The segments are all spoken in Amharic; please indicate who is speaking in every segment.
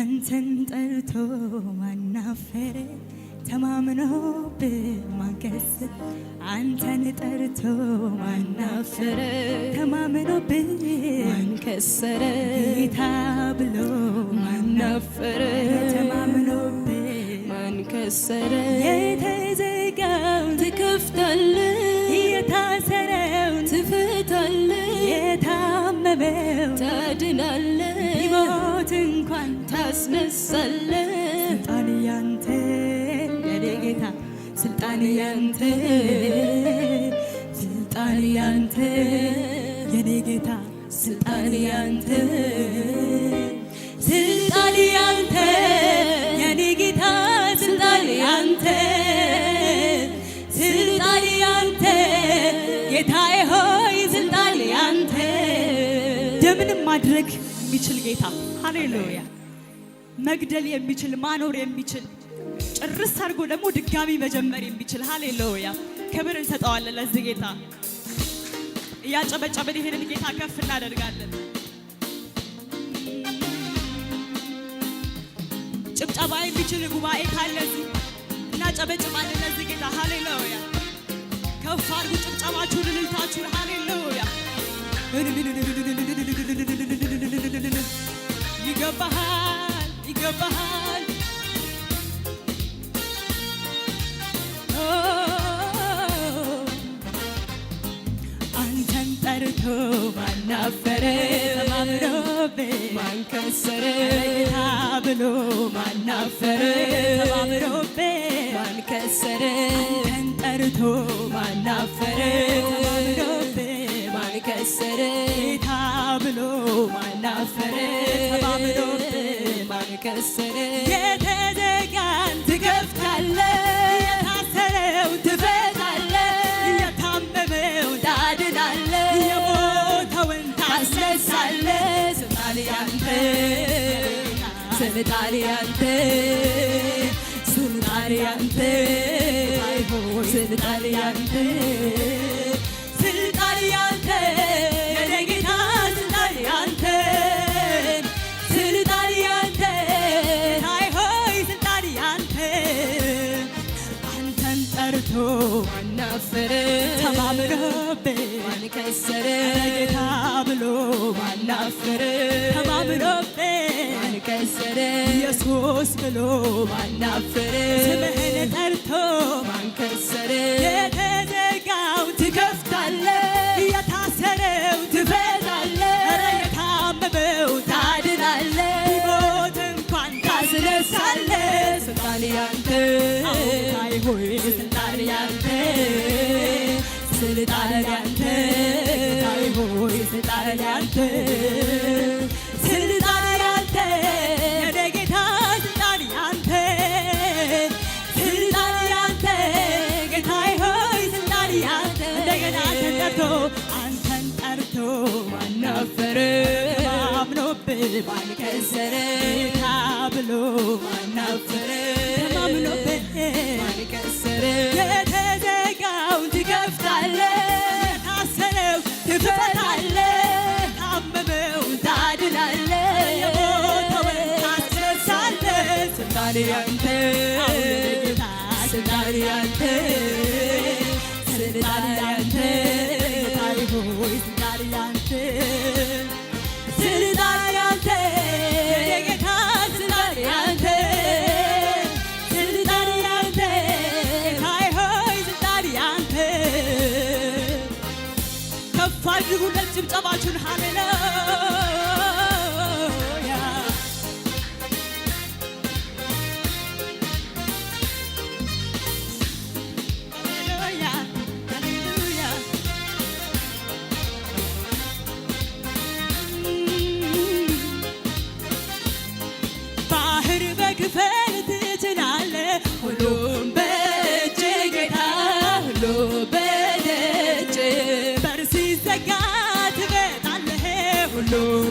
Speaker 1: አንተን ጠርቶ ማናፈረ ተማምኖ ብማንገስ አንተን ጠርቶ ማናፈረ ተማምኖ ብማንከሰረ ጌታ ብሎ ማናፈረ ተማምኖ ብማንከሰረ የተዘጋው ትከፍታለ የታሰረው ትፈታለ የታመመው ታድናለ አስነሳለ ስልጣን ያንተ የኔ ጌታ ስልጣን ያንተ ስልጣን ያንተ የኔ ጌታ ስልጣን ያንተ ስልጣን ያንተ የኔ ጌታ ስልጣን ያንተ ስልጣን ያንተ ጌታዬ ሆይ ስልጣን ያንተ ማድረግ የሚችል ጌታ ሃሌሉያ መግደል የሚችል ማኖር የሚችል ጭርስ አድርጎ ደግሞ ድጋሚ መጀመር የሚችል ሃሌሉያ፣ ክብር እንሰጠዋለን ለዚህ ጌታ። እያጨበጨበን ይሄንን ጌታ ከፍ እናደርጋለን። ጭብጨባ የሚችል ጉባኤ ካለ እናጨበጭባለን ለዚህ ጌታ። ሃሌሉያ፣ ከፍ አድርጉ ጭብጨባችሁን፣ እልልታችሁን። ሃሌሉያ ይገባሃል ይገባሃል አንተን ጠርቶ ማናፈረ ተባብሮብ ማንከሰረ ጌታ ብሎ ማናፈረ ተባብሮብ ማንከሰረ አንተን ጠርቶ ማናፈረ ተባብሮብ ማንከሰረ ጌታ ብሎ ማናፈረ ተባብሮብ የታሰረ የተዘጋን ትከፍታለ የታሰረው ትፈታለ የታመመው ታድናለ የሞተውን ታስነሳለ ስልጣን ያንተ ስልጣን ያንተ ስልጣን ያንተ ስልጣን ያንተ አላፈረ ተማምኖበት አልከሰረ ኢየሱስ ብሎ ማናፈረ ስልጣን ያንተ ስልጣን ያንተ ስልጣን ያንተ ሆይ ስልጣን ያንተ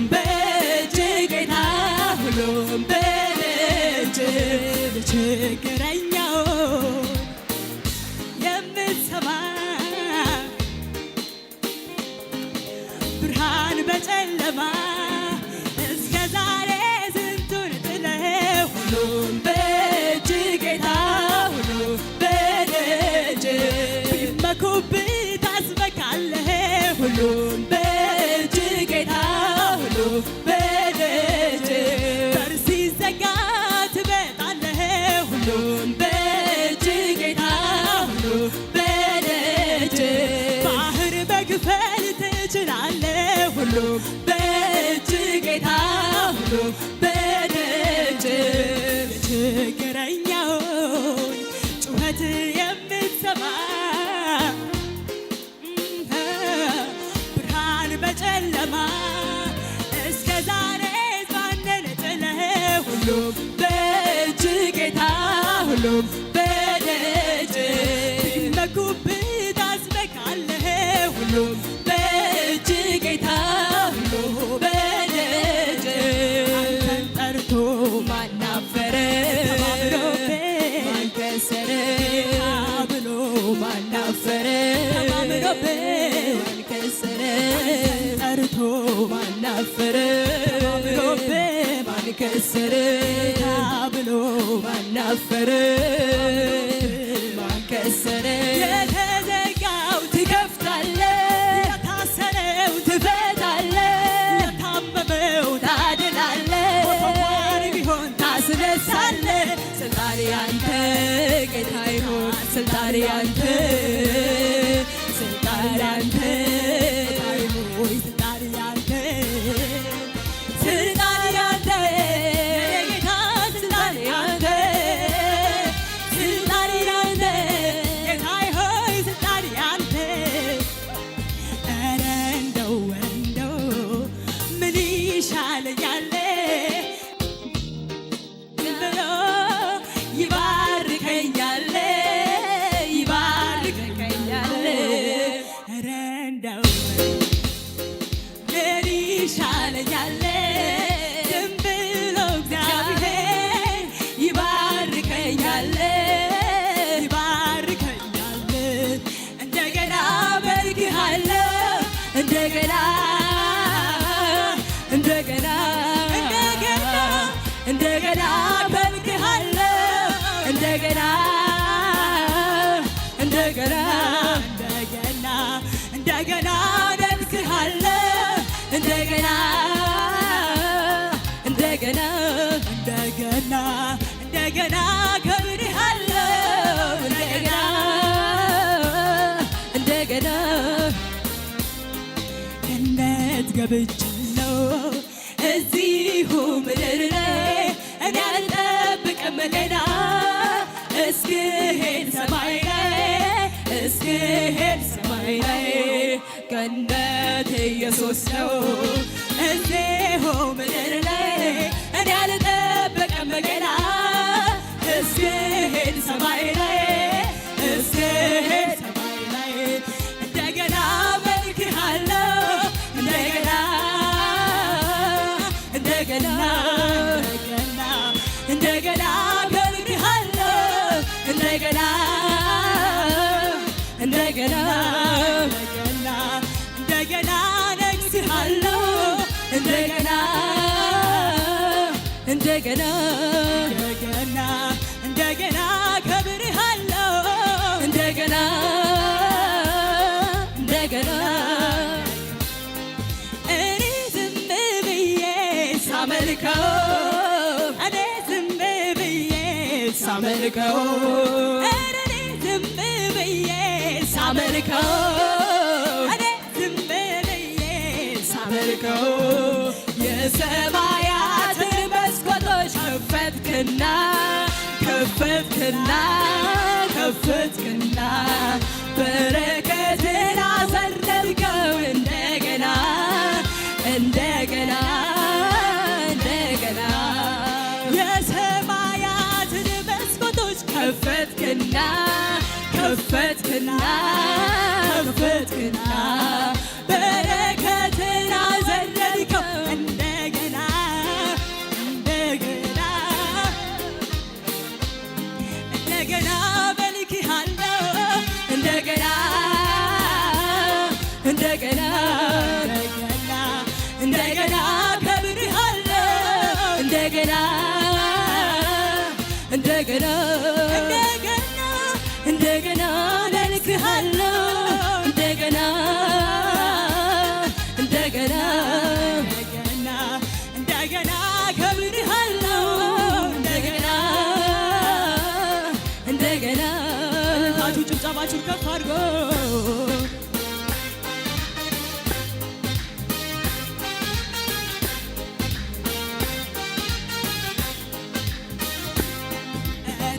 Speaker 1: back. አፈረ ማንከሰረ የተዘጋው ትከፍታለ የታሰረው ትፈታለ ለታመመው ታድናለ ፎቶኳር ቢሆን ታስነሳለ ጌታ ይሆን እንደገና ከብሬሃለው እንደገና እንደገና ገነት ገብቻለው እዚሁ ምድር ላይ እኔ አልጠብቅም ሌላ እስክሄድ ሰማይ ላይ እስክሄድ ሰማይ ላይ ገነት ኢየሱስ ነው እንደገና እንደገና እንደገና ከብርሃለው እንደገና እንደገና እኔ ዝም ብዬ ሳመልከው እኔ ዝም ብዬ ሳመልከው ሳመልከው እኔ ዝም ብዬ ሳመልከው የሰማይ ከፈትክና ከፈትክና ከፈትክና እጃችሁ ጭብጨባችሁን ከፍ አድርጎ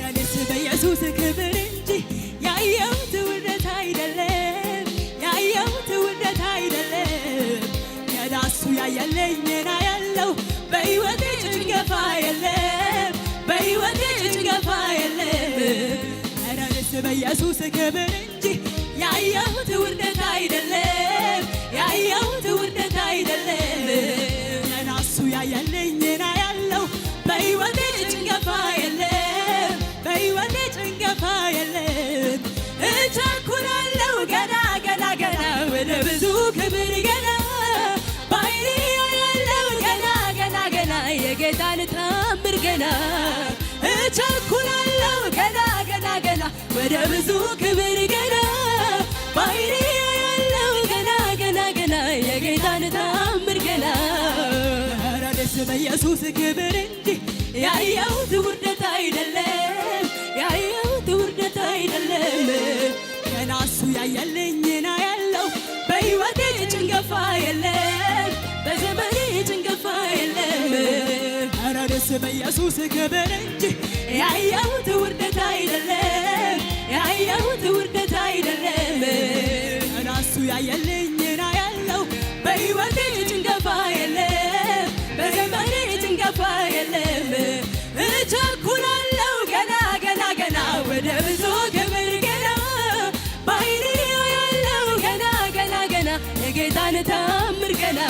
Speaker 1: ኧረ በኢየሱስ ክብር በኢየሱስ ክብር እንጂ ያየሁት ውርደት አይደለም፣ ያየሁት ውርደት አይደለም። ለራሱ ያየልኝና ያለው በሕይወቴ ጭንገፋ የለም፣ በሕይወቴ ጭንገፋ የለም። እቸኩላለሁ ገና ገና ገና ወደ ብዙ ክብር ገና ባይኔ ያለው ገና ገና ገና የጌታን ታምር ገና ወደ ብዙ ክብር ገና ባይኔ ያለው ገና ገና ገና የጌታን ታምር ገና ረደስ በኢየሱስ ክብር እንዲህ ያየሁት ውርደት አይደለም ያየሁት ውርደት አይደለም ገና እሱ ያየልኝና ያለው በሕይወቴ ጭንገፋ የለም በዘመኔ ጭንገፋ የለም ረደስ በኢየሱስ ክብር እንዲህ ያየሁት ውርደት አይደለም ያየሁት ውርደት አይደለም ራሱ ያየልኝ ና ያለው በሕይወቴ ጭንገፋ የለም በዘመኔ ጭንገፋ የለም እቸኩላለሁ ገና ገና ገና ወደ ብዙ ክብር ገና ባይኔ ያለው ገና ገና ገና የጌታን ታምር ገና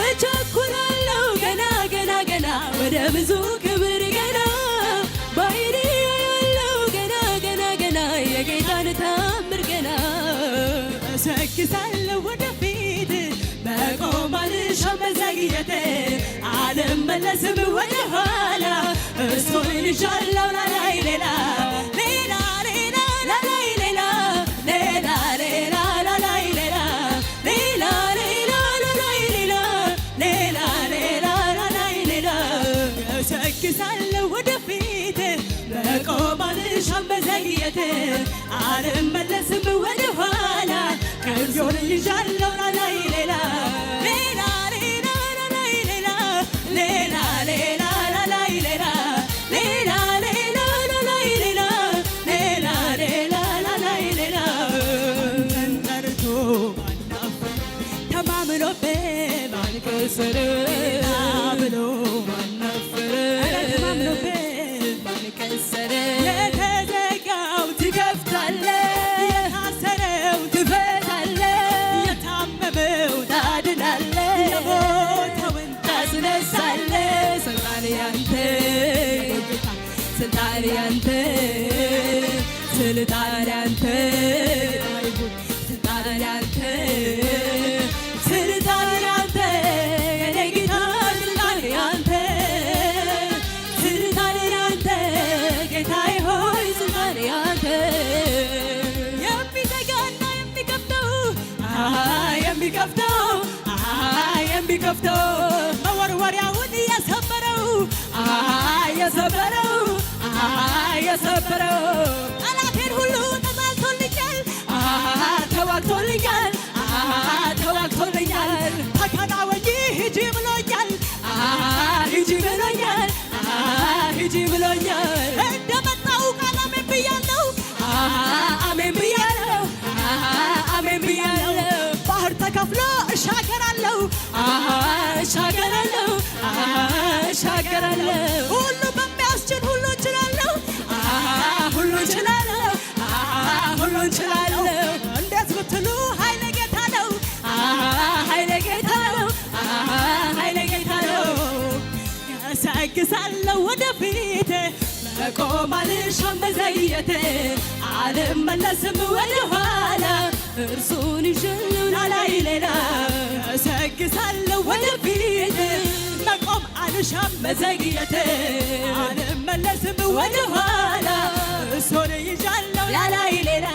Speaker 1: እቸኩላለሁ ገና ገና ገና ወደ ብዙ ክብር ገና ገስግሳለሁ ወደፊት መቆም አልሻም መዘግየት አልመለስም ወደ ኋላ እሱን ይዣለሁ ላላይ ሌላ ሌላ ሌላ ላላይ ሌላ ሌላ ሌላ ላላይ ሌላ ሌላ ሌላ ላላይ ሌላ ሌላ ሌላ ላላይ ሌላ ገሰግሳለሁ ወደፊት መቆም አልሻም መዘግየት አልመለስም ወደ ይዣለው ላላይ ሌላ ከፍቶ መወርወሪያውን የሰበረው የሰበረው የሰበረው ጠላቴን ሁሉ ተማልቶልኛል ተዋግቶልኛል ተዋግቶልኛል ፈተና ወጂ ሂጂ ብሎኛል ሂጂ ብሎኛል ሂጂ ብሎኛል እንደመጣው ቃል አሜን ብያለው አሜን ብያለው አሜን ብያለው ባህር ተከፍሎ እሻገራለው እሻገራለሁ እሻገራለሁ ሁሉ በሚያስችል ሁሉ እችላለሁ ሁሉ እችላለሁ ሁሉ እችላለሁ እንዴት ብትሉ ኃይለ ጌታ ነው ኃይለ ጌታ ነው ኃይለ ጌታ ነው እሰግሳለሁ ወደፊት መቆም አልሻም በዘግየት አልመለስም ወደኋላ እርሱን ይዤ ላይ ሌላ እሰግሳለሁ ወደፊት መቆም አልሻም መዘግየት አልመለስም ወደኋላ እርሱን ይዣለሁ ላይ ሌላ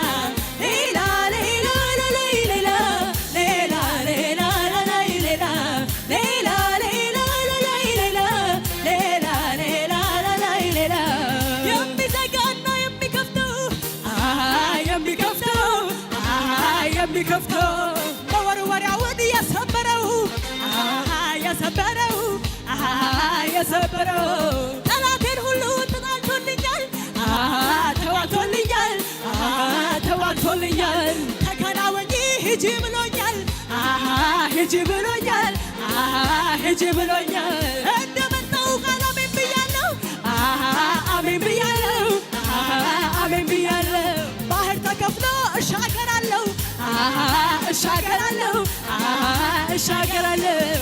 Speaker 1: ሂጂ ብሎኛል ሂጂ ብሎኛል። እንደመጣው ቃል አሜን ብያለው አሜን ብያለው አሜን ብያለው። ባህር ተከፍሎ እሻገራለው እሻገራለው እሻገራለው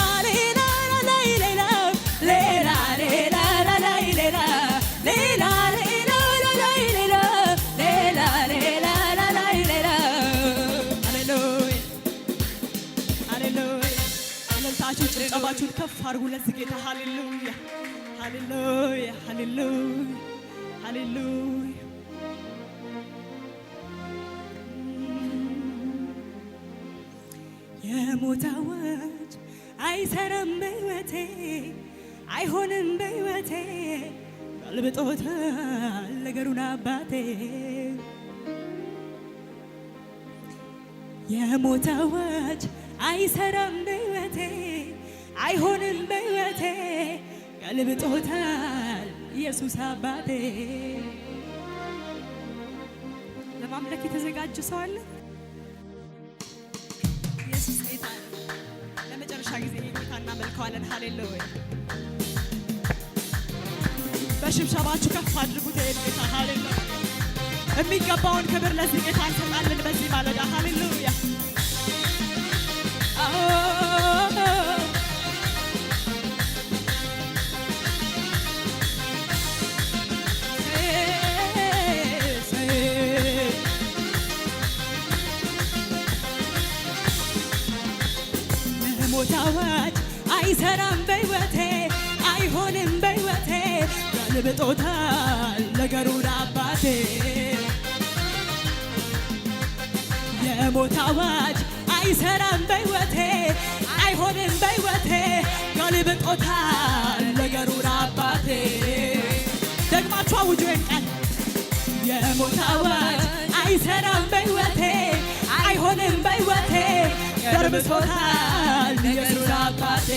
Speaker 1: አድርጉ ለዚህ ጌታ ሃሌሉያ፣ ሃሌሉያ፣ ሃሌሉያ፣ ሃሌሉያ። የሞት አዋጅ አይሰራም በሕይወቴ አይሆንም በሕይወቴ ገልብጦታል ነገሩን አባቴ የሞት አዋጅ አይሰራም በሕይወቴ አይሆንም በሕይወቴ ገልብጦታል ኢየሱስ አባቴ። ለማምለክ የተዘጋጀ ሰው አለ? ኢየሱስ ጌታ ለመጨረሻ ጊዜ ጌታ እናመልከዋለን። ሃሌሉያ! በሽብሸባችሁ ከፍ አድርጉት ጌታ። ሃሌሉያ! የሚገባውን ክብር ለዚህ ጌታ እንሰጣለን በዚህ ማለዳ። ሃሌሉያ! አቅልብጦታል ነገሩን አባቴ የሞት አዋጅ አይሰራም በይወቴ አይሆንም በይወቴ ገልብጦታል ነገሩን አባቴ ደግማችሁ አውጁ ቃል የሞት አዋጅ አይሰራም በይወቴ አይሆንም በይወቴ ደርምሶታል ነገሩን አባቴ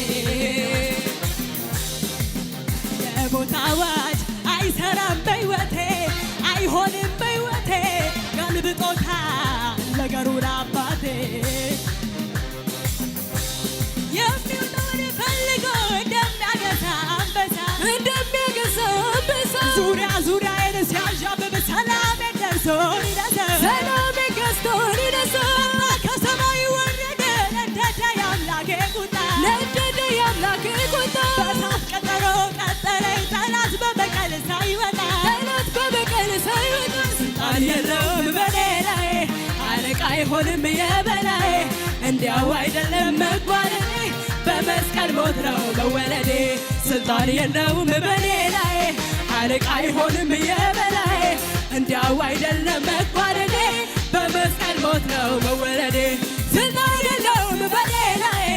Speaker 1: የሞት አዋጅ አይሰራም በሕይወቴ አይሆንም በሕይወቴ ገልብጦታል ነገሩን አባቴ የሚውለውን ፈልገው እንደሚያገሳ አንበሳ እንደሚያገሳ አንበሳ ዙሪያ ዙሪያዬን ሲያዣብብ ሰላሜ ደርሶ አይሆንም የበላይ እንዲያው አይደለም መግባሬ በመስቀል ሞት ነው መወለዴ ስልጣን የለውም በኔ ላይ አለቃ አይሆንም የበላይ እንዲያው አይደለም መግባሬ በመስቀል ሞት ነው መወለዴ ስልጣን የለውም በኔ ላይ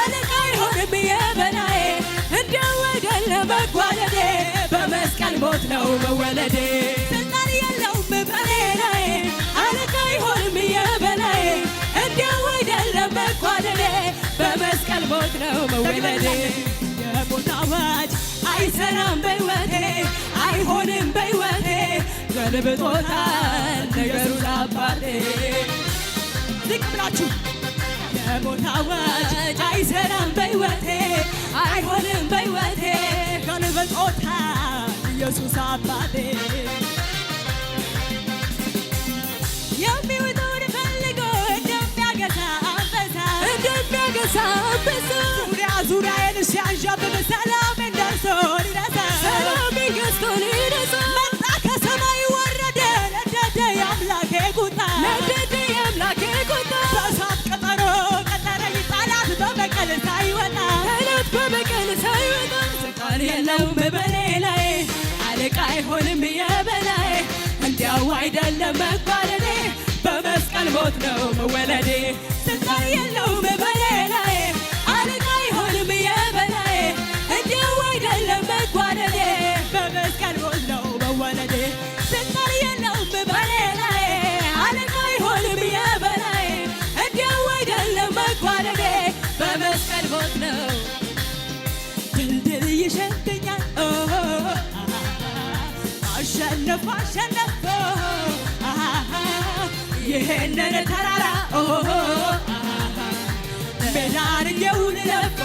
Speaker 1: አለቃ አይሆንም የበላይ እንዲያው አይደለም መግባሬ በመስቀል ሞት ነው መወለዴ ለኔ የሞት አይሰራም በሕይወቴ አይሆንም በሕይወቴ ገልብጦታል ነገሩን አባቴ ዝቅ ብላችሁ የሞት አይሰራም በሕይወቴ አይሆንም በሕይወቴ ገልብጦታል ኢየሱስ አባቴ ያሳብሰ ዙሪያ ዙሪያዬን ሲያንዣብብ ሰላም እንደርሶ ሊደሰ ሰላም ገዝቶ ሊደሰ መጣ ከሰማይ ወረደ ነደደ የአምላኬ ቁጣ ነደደ የአምላኬ ቁጣ በእሳት ቀጠሮ ቀጠረኝ ጠላት በበቀል ሳይወጣ ጠላት በበቀል ሳይወጣ ስልጣን የለውም በኔ ላይ አለቃ አይሆንም የበላይ እንዲያው አይደለም መባለኔ በመስቀል ሞት ነው መወለዴ Fashion ይሄንን ተራራ ቤናርየውን ለቆ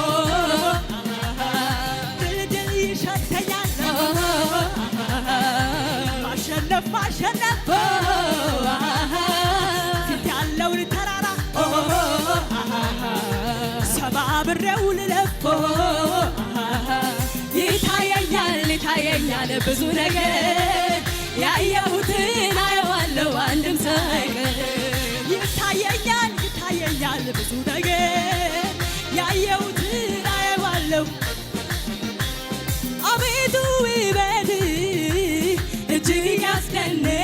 Speaker 1: ድል ይሸተኛል ማሸነፍ ማሸነፍ ፊት ያለውን ተራራ ሰባብሬው ልለፎ ይታየኛል ይታየኛል ብዙ ነገር ያየሁትን አለው አንድም ሳይቀር ይታየኛል ይታየኛል ብዙ ነገር ያየሁትን አየዋለሁ አቤቱ ይበል እጅግ ያስደንቅ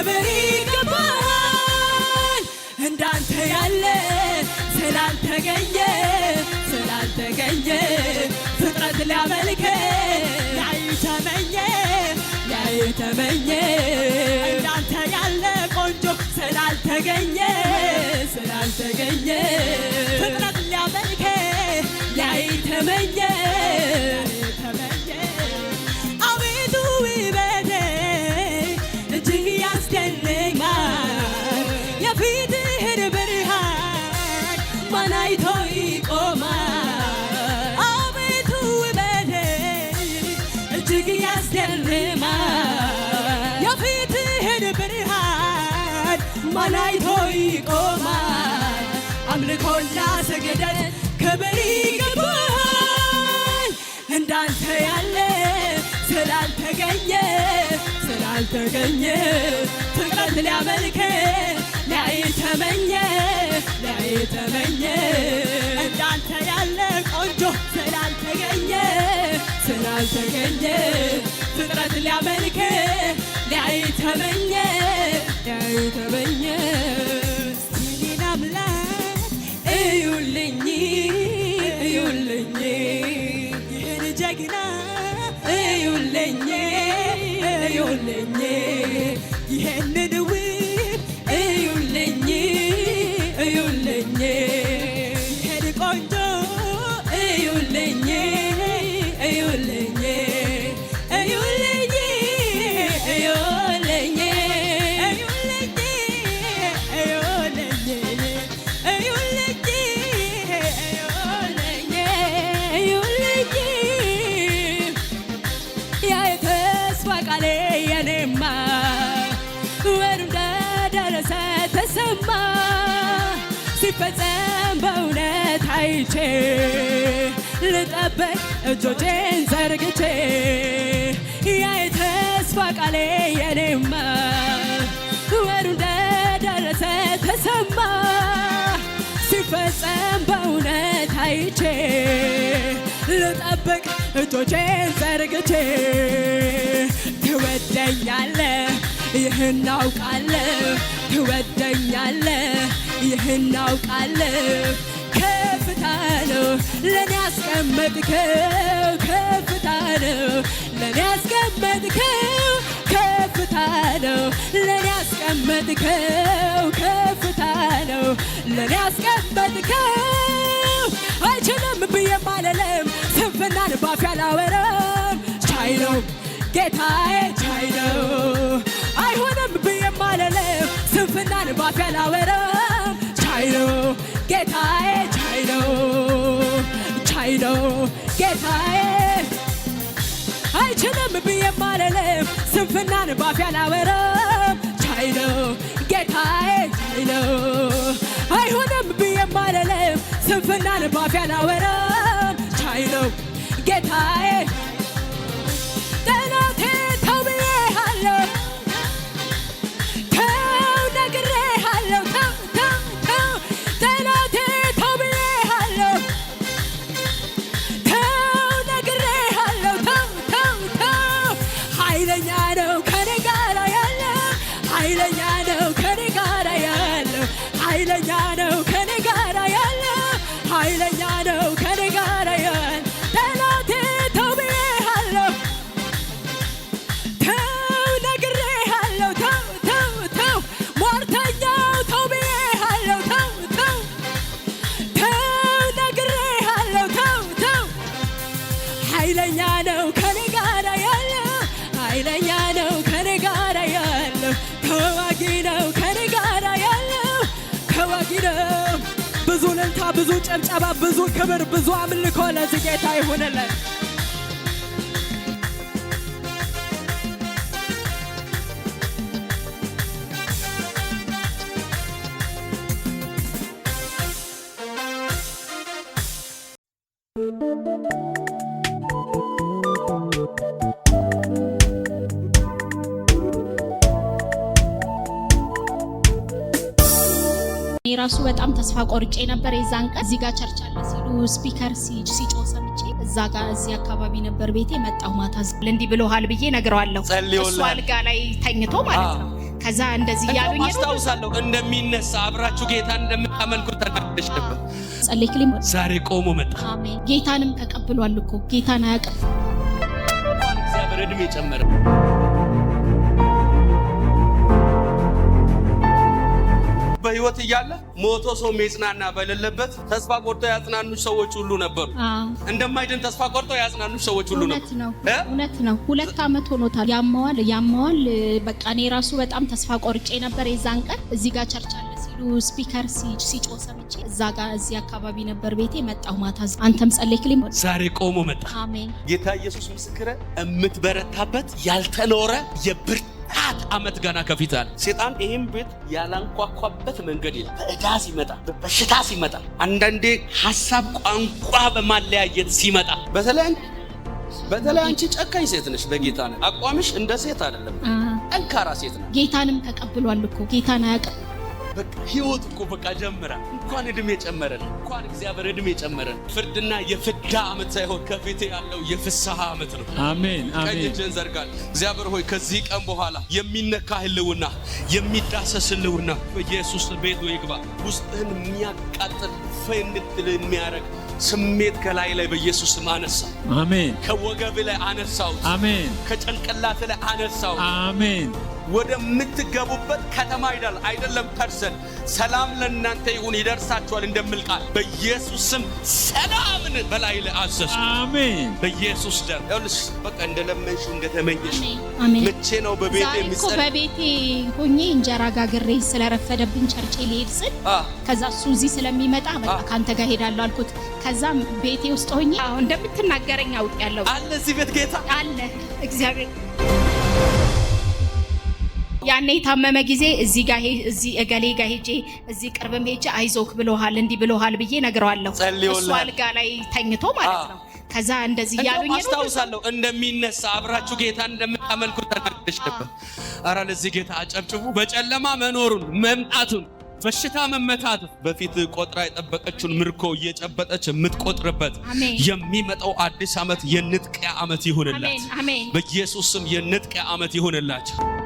Speaker 1: ክብር ይገባል። እንዳንተ ያለ ስላልተገኘ ስላልተገኘ ፍጥረት ሊያመልክ ላይ ተመኘ ላይ ተመኘ እንዳንተ ያለ ቆንጆ ስላልተገኘ ስላልተገኘ ፍጥረት ሊያመልክ ላይ ተመኘ ስላንተ ያለ ስላልተገኘ ስላልተገኘ ፍቅረት ሊያመልክ ላይ ተመኘ ላይ ተመኘ እንዳንተ ያለ ቆንጆ ስላልተገኘ ስላልተገኘ ፍቅረት ሊያመልክ ላይ ተመኘ ላይ ተመኘ ተሰማ ሲፈጸም በእውነት አይቼ ልጠበቅ እጆቼን ዘርግቼ ያ የተስፋ ቃሌ የኔማ ወሩ እንደደረሰ ተሰማ ሲፈጸም በእውነት አይቼ ልጠበቅ እጆቼን ዘርግቼ ትወደኛለህ ይህን አውቃለሁ ትወደኛለህ፣ ይህን አውቃለሁ ከፍታ ነው ለኔ ያስቀመጥከው ከፍታ ነው ለኔ ያስቀመጥከው ከፍታ ነው ለኔ ያስቀመጥከው ከፍታ ነው ለኔ ያስቀመጥከው አይችልም ብዬም አልልም ስንፍናን ባፌ አላወራም ቻይ ነው ጌታዬ ጌታዬ አይችልም ብዬ ማለለም ስንፍናን ባፌ አላወረም ቻይነው ጌታዬ ቻይነው አይሆንም ብዬ ማለለም ስንፍናን ባፌ አላወረም ቻይነው ጌታዬ ብዙ ጭብጨባ፣ ብዙ ክብር፣ ብዙ አምልኮ ለዚህ ጌታ ይሁንልን። በጣም ተስፋ ቆርጬ ነበር። የዛን ቀን እዚህ ጋር ቸርች አለ ሲሉ ስፒከር ሲጮ ሰምጬ እዛ ጋር እዚህ አካባቢ ነበር ቤቴ መጣሁ። ማታ እንዲህ ብሎሃል ብዬ ነግረዋለሁ። እሱ አልጋ ላይ ተኝቶ ማለት ነው። ከዛ እንደዚህ ያሉኝ አስታውሳለሁ። እንደሚነሳ አብራችሁ ጌታ እንደምታመልኩ ተናደሽ ነበር። ጸልይ ክሊም ዛሬ ቆሞ መጣ። ጌታንም ተቀብሏል እኮ ጌታን አያውቅም እግዚአብሔር እድሜ ጨመረ። በህይወት እያለ ሞቶ ሰው መጽናና በሌለበት ተስፋ ቆርጦ ያጽናኑ ሰዎች ሁሉ ነበሩ። እንደማይድን ተስፋ ቆርጦ ያጽናኑ ሰዎች ሁሉ ነበሩ። እውነት ነው። ሁለት ዓመት ሆኖታል። ያማዋል ያማዋል። በቃ እኔ ራሱ በጣም ተስፋ ቆርጬ ነበር። የዛን ቀን እዚህ ጋር ቸርች ሲሉ ስፒከር ሲጮ ሰምቼ እዛ ጋር እዚህ አካባቢ ነበር ቤቴ። መጣሁ ማታ አንተም ጸለይክልኝ። ዛሬ ቆሞ መጣ። አሜን። ጌታ ኢየሱስ ምስክረ የምትበረታበት ያልተኖረ የብርት አራት ዓመት ገና ከፊት አለ። ሴጣን ይህም ቤት ያላንኳኳበት መንገድ ይላል። በእዳ ሲመጣ፣ በበሽታ ሲመጣ፣ አንዳንዴ ሀሳብ ቋንቋ በማለያየት ሲመጣ በተለይ በተለይ አንቺ ጨካኝ ሴት ነሽ። በጌታ አቋምሽ እንደ ሴት አይደለም። ጠንካራ ሴት ነው። ጌታንም ተቀብሏል እኮ ጌታን አያቀ በቃ ህይወት እኮ በቃ ጀምራ እንኳን እድሜ ጨመረን፣ እንኳን እግዚአብሔር እድሜ ጨመረን። ፍርድና የፍዳ ዓመት ሳይሆን ከፊት ያለው የፍስሐ ዓመት ነው። አሜን አሜን። ቀኝ እጅን ዘርጋል። እግዚአብሔር ሆይ ከዚህ ቀን በኋላ የሚነካ ህልውና፣ የሚዳሰስ ህልውና በኢየሱስ ቤት ይግባ። ውስጥህን የሚያቃጥል ፈንድል እንድትል ስሜት ከላይ ላይ በኢየሱስ ስም አነሳ። አሜን። ከወገብ ላይ አነሳው። አሜን። ከጭንቅላት ላይ አነሳው። አሜን። ወደምትገቡበት ከተማ ይዳል አይደለም ፐርሰን ሰላም ለእናንተ ይሁን ይደርሳችኋል እንደምል ቃል በኢየሱስም ሰላምን በላይ ለአዘዙ አሜን። በኢየሱስ ደም ይሁንስ። በቃ እንደ እንደለመንሽ እንደተመኘሽ መቼ ነው በቤቴ የሚጸል በቤቴ ሆኜ እንጀራ ጋግሬ ስለረፈደብኝ ቸርቼ ሊሄድ ስል ከዛ እሱ እዚህ ስለሚመጣ በቃ ከአንተ ጋር ሄዳለሁ አልኩት። ከዛም ቤቴ ውስጥ ሆኜ አሁን እንደምትናገረኝ አውቅ ያለው አለ እዚህ ቤት ጌታ አለ እግዚአብሔር ያኔ የታመመ ጊዜ እዚህ ጋር እዚህ እገሌ ጋር ሄጄ እዚህ ቅርብም ሄጄ አይዞክ ብለሃል እንዲህ ብለሃል ብዬ ነግረዋለሁ። እሱ አልጋ ላይ ተኝቶ ማለት ነው። ከዛ እንደዚህ ያሉኝ አስታውሳለሁ። እንደሚነሳ አብራችሁ ጌታ እንደምታመልኩ ተናግረሽ ነበር። ኧረ ለዚህ ጌታ አጨብጭቡ። በጨለማ መኖሩን መምጣቱን በሽታ መመታት በፊት ቆጥራ የጠበቀችውን ምርኮ እየጨበጠች የምትቆጥርበት የሚመጣው አዲስ ዓመት የንጥቂያ ዓመት ይሁንላት። በኢየሱስ ስም የንጥቂያ ዓመት ይሁንላቸው።